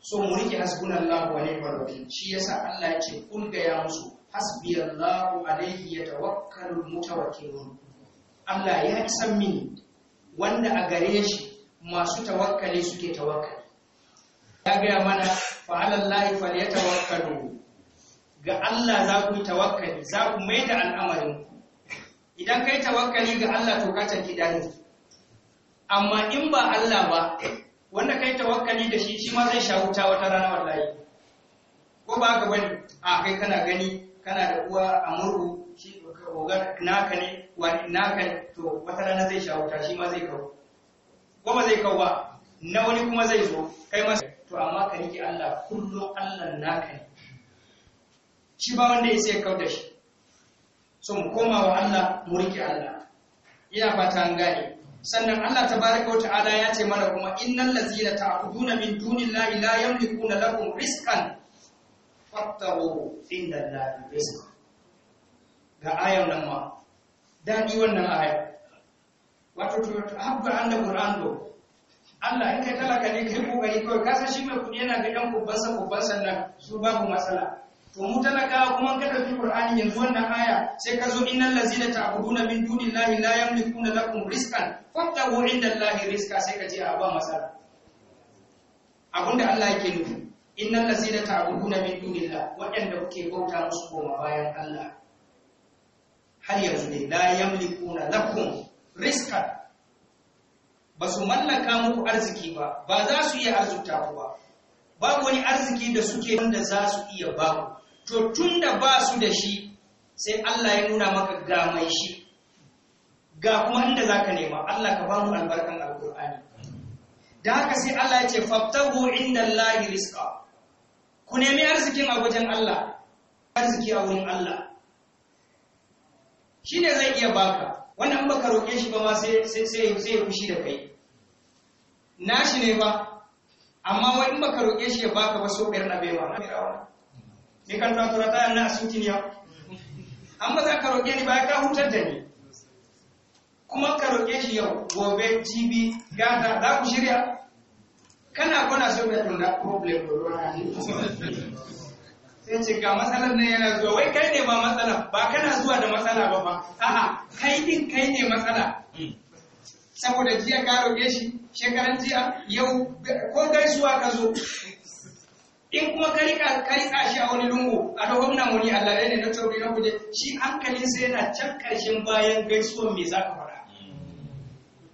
so mu rike hasbunallahu wa ni'mal wakil shi yasa Allah ya ce kun ga ya musu hasbiyallahu alayhi yatawakkalul mutawakkilun Allah ya san mini wanda a gare shi masu tawakkali suke tawakkali ya gaya mana fa'alallahi falyatawakkalu ga Allah za ku yi tawakkali za ku mai da al'amarin idan kai tawakkali ga Allah to ka tafi dani amma in ba Allah ba wanda kai tawakkali da shi shi ma zai sha wuta wata rana wallahi ko ba ka bani a kai kana gani kana da uwa a murhu shi ogar naka ne wani naka ne to wata rana zai sha wuta shi ma zai kawo ko ba zai kawo ba na wani kuma zai zo kai ma to amma ka riki Allah kullu Allah naka ne shi ba wanda ya sai kawo da shi so mu koma wa Allah mu riki Allah ina fata an gane sannan Allah tabaraka wa ta'ala ya ce mana kuma innal ladzina ta'buduna min dunillahi la yamlikuna lakum rizqan fattahu inda Allahi rizqan ga ayan nan ma dadi wannan aya wato to habba anna qur'an do Allah in kai talaka ne kai kokari kai ka shi mai kudi yana ga yan kubban sa kubban sannan su babu matsala to mu talakawa kuma ka tafi qur'ani yanzu wannan aya sai ka zo innal ladzina ta'buduna min dunillahi la yamlikuna lakum rizqan fattahu indallahi rizqa sai ka ce a ba masala abinda Allah yake nufi innal ladzina ta'buduna min dunillah waɗanda kuke bauta musu koma bayan Allah har yanzu ne la yamlikuna lakum rizqan ba su mallaka muku arziki ba ba za su iya arzuta ku ba babu wani arziki da suke wanda za su iya ba to tunda ba su da shi sai Allah ya nuna maka ga mai shi ga kuma inda za ka nema Allah ka ba mu albarkan Alƙur'ani. da haka sai Allah ya ce fabtahu indallahi rizqa ku nemi arzikin a wajen Allah arziki a wurin Allah shi ne zai iya baka wannan ba ka roƙe shi ba ma sai ya fushi da kai nashi ne ba amma wai in baka roƙe shi ya baka ba so biyar na baiwa na baiwa ni kan a tura ta na asutin ya ba za ka roƙe ni ba ka hutar da ni kuma ka roƙe shi yau gobe jibi gata za ku shirya kana kuna so mai tunda problem sai ce ga matsalar nan yana zuwa wai kai ne ba matsala ba kana zuwa da matsala ba ba a'a kai din kai ne matsala saboda jiya ka roƙe shi shekaran jiya yau ko gaisuwa ka zo in kuma ka rika ka shi a wani lungu a da gwamnan wani Allah ne na tauri na kuje shi hankalin sai yana can karshen bayan gaisuwan me zaka faɗa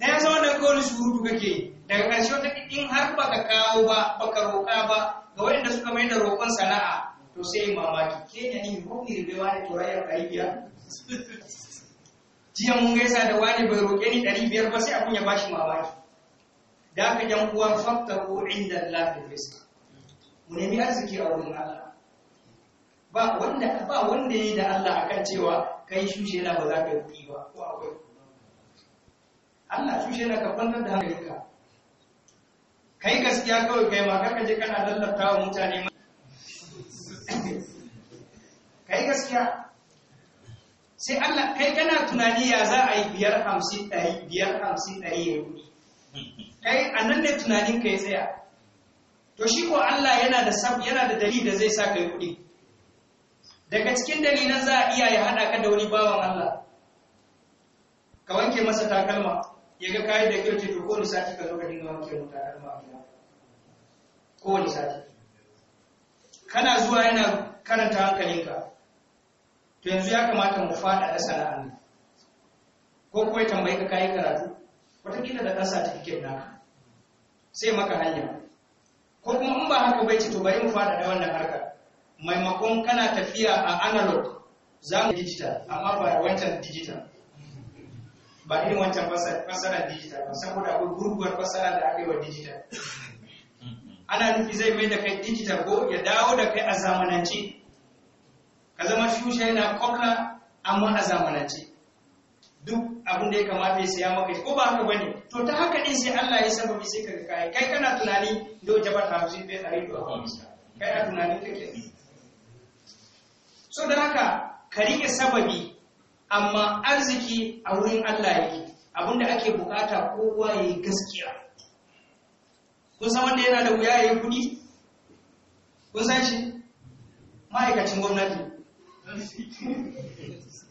da yasa zama daga wani surutu kake daga ƙarshe wata in har baka kawo ba baka roƙa ba ga waɗanda suka mai da roƙon sana'a to sai mamaki ke ne ni ko ni ribewa ne to rayar jiya mun gaisa da wani bai roƙe ni ɗari biyar ba sai a kunya bashi mamaki da aka yan uwa ko inda Allah da mu nemi arziki a wurin Allah ba wanda ba wanda yayi da Allah akan cewa kai shushe na ba za ka yi ba ko akwai Allah shushe na ka kwantar da hankalinka kai gaskiya kawai kai ma kaka je kana lallata wa mutane kai gaskiya sai Allah kai kana tunani ya za a yi biyar hamsin ɗari biyar hamsin ɗari ya kai a nan ne tunanin ka ya tsaya to shi ko Allah yana da sab yana da dalili da zai sa kai kuɗi daga cikin dalilan za a iya ya hada ka da wani bawan Allah ka wanke masa takalma ya ga kai da kirki to ko sati ka zo ka dinga wanke mu takalma a gida ko sati kana zuwa yana karanta hankalinka to yanzu ya kamata mu fada da sana'a ne ko ya tambayi ka kayi karatu wataƙila da sati ta naka sai maka hanya ko kuma in ba haka bai ce to bari mu fada da wannan harka maimakon kana tafiya a analog za mu digital amma ba wancan digital ba irin wancan fasara digital ba saboda akwai gurguwar fasara da aka wa digital ana nufi zai mai da kai digital ko ya dawo da kai a zamanance ka zama shusha yana kokla amma a zamanance abin da ya kamata ya saya maka ko ba haka bane to ta haka ne sai Allah ya sababi sai ka kai kai kana tunani da jabar hafsi bai tsare to akwai musa kai a tunanin kake so da haka ka rike sababi amma arziki a wurin Allah yake abinda ake bukata kowa ya yi gaskiya kun san wanda yana da wuya ya yi kudi kun san shi ma'aikacin gwamnati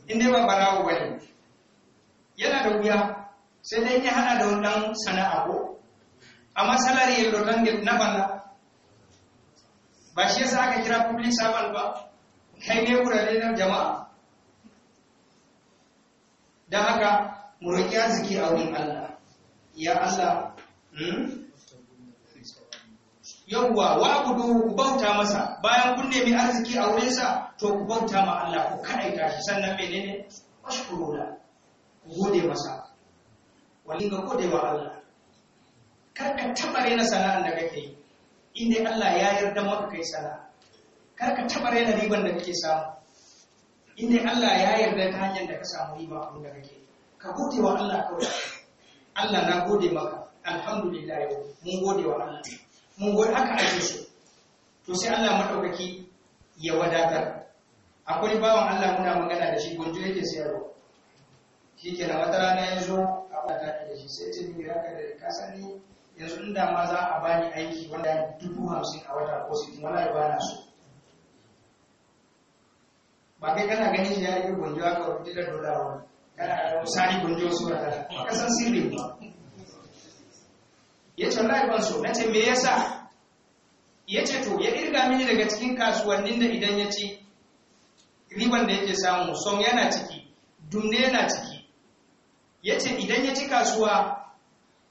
inda ba barawo bane yana da wuya sai dai ya hada da wannan sana'a ko amma salari ya rotan da na bana ba shi yasa aka kira public servant ba kai ne wurare na jama'a Da haka mu roƙi arziki a wurin Allah ya Allah hmm? yawwa wa abudu ku bauta masa bayan kun nemi arziki a wurinsa to ku bauta ma Allah ku kadaita shi sannan menene ashkurula gode masa wani ga gode wa Allah kar ka taba raina sana'ar da kake yi inda Allah ya yarda maka kai sana'a kar ka taba raina riban da kake samu inda Allah ya yarda ta hanyar da ka samu riba abin da kake ka gode wa Allah kawai Allah na gode maka alhamdulillah yau mun gode wa Allah mun gode haka ake so to sai Allah madaukaki ya wadatar akwai bawan Allah muna magana da shi gonjo yake sayarwa shi ke da wata rana ya zo a wata da shi sai ce mai raka da ka ne. yanzu da ma za a bani aiki wanda dubu hamsin a wata ko sitin wala ba na so ba kai kana ganin shi ya yi gunjo aka rubuta da dola wani yana da sani gunjo su da ka kasan sirri ba ya ce wallahi ban so na ce me yasa ya ce to ya irga mini daga cikin kasuwannin da idan ya ci riban da yake samu son yana ciki dumne yana ciki ya ce idan ya ci kasuwa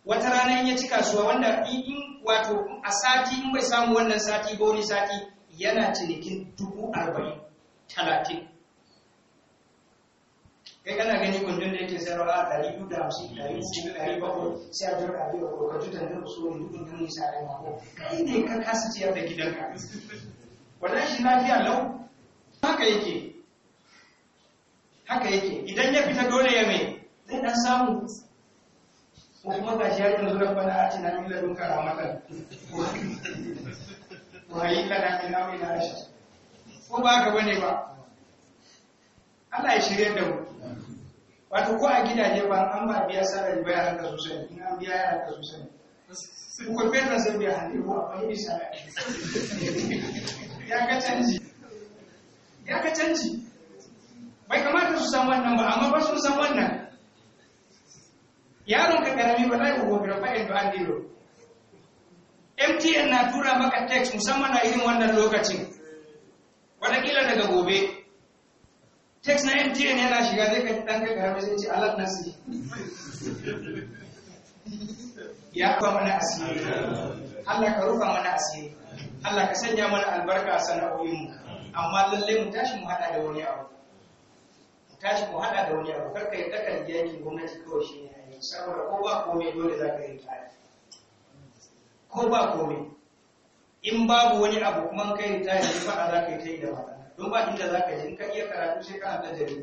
wata rana ya ci kasuwa wanda in wato a sati in bai samu wannan sati ba wani sati yana cinikin dubu arba'in talatin kai kana gani kundin da yake sayarwa a ɗari biyu da hamsin ɗari biyu ɗari bakwai sai a jira biyu ko ka tutan da su ne dukkan dun nisa da mako kai ne ka kasa ciyar da gidanka wannan shi lafiya lau haka yake haka yake idan ya fita dole ya mai zai dan samu ko kuma ga shi yaron zuwa bana a cikin mila dun karamatan ko hayi kana min amri na shi ko ba ka bane ba Ana ya shirye da mu wato ko a gidaje ba an ba biya sarari ba ya haka sosai in an biya ya haka sosai ko bai da zai biya hannu ko a fahimci sarari ya ka canji ya ka canji bai kamata su san wannan ba amma ba su san wannan yaron ka karami ba zai gobe ba in ba andiro MTN na tura maka text musamman a irin wannan lokacin kila daga gobe text na MTN yana shiga zai ka dan ka karami sai ce Allah nasi ya rufa mana asiri Allah ka rufa mana asiri Allah ka sanya mana albarka a mu, amma lallai mu tashi mu hada da wani abu tashi mu hada da wani abu karka yadda takar riga gwamnati kawai shi ne saboda ko ba komai dole za ka yi tare ko ba komai in babu wani abu kuma kai ta yi ba za ka yi ta yi da mata don ba inda za ka yi in ka iya karatu sai kana ta jari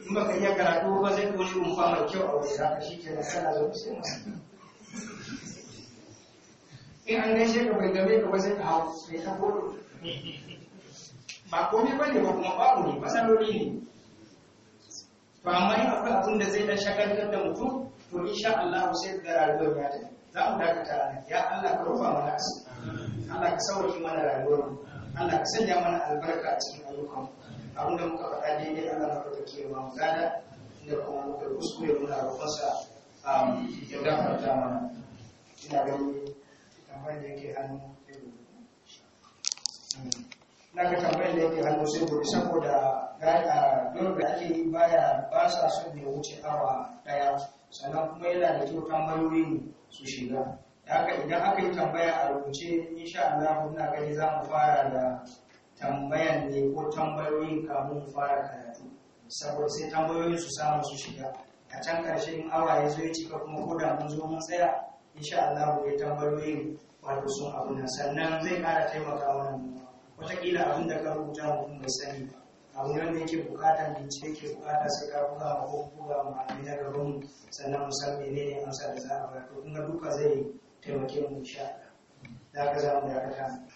in ba ka iya karatu ba zai ka wani rumfa mai kyau a wani zaka shi ke nasara sana zo sai masu in an gaishe ka bai game ka ba sai ka hau sai ka kodo ba komai ba ne ba kuma babu ne matsaloli ne Ba amma yin akwai abin da zai dan shagaltar da mutum to insha Allah sai da rayuwar ya tafi za mu dakata nan ya Allah ka rufa mana asiri Allah ka sauke mana rayuwar Allah ka sanya mana albarka a cikin ayyukan abin da muka faɗa daidai Allah na fata ke ma mu gada inda kuma muka kuskure muna roƙonsa um, ya gafarta mana ina ganin kamar da yake hannu Thank you. na ga tambayar da yake hannu sai gobe saboda dole da ake baya ba sa son ya wuce awa daya sannan kuma yana da kyau tambayoyin su shiga haka idan aka yi tambaya a rubuce insha Allah muna gani za mu fara da tambayan ne ko tambayoyin kamun fara karatu saboda sai tambayoyin su samu su shiga a can karshe in awa ya zo ya cika kuma ko da mun zo mun tsaya insha Allah ya tambayoyin wato sun abu sannan zai kara taimaka wannan wataƙila abin da ka rubuta mutum bai sani ba abu nan da yake bukatar bincike ke bukata sai ka buga ma ko buga ma a na gaban sannan mu san ne amsa da za a bayar to kuma duka zai taimake mu insha Allah da ka za mu